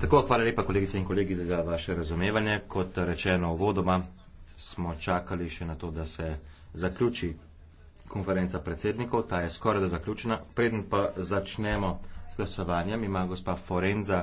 Tako, hvala lepa kolegice in kolegi za vaše razumevanje. Kot rečeno uvodoma, smo čakali še na to, da se zaključi konferenca predsednikov. Ta je skoraj da zaključena. Preden pa začnemo s glasovanjem, ima gospa Forenza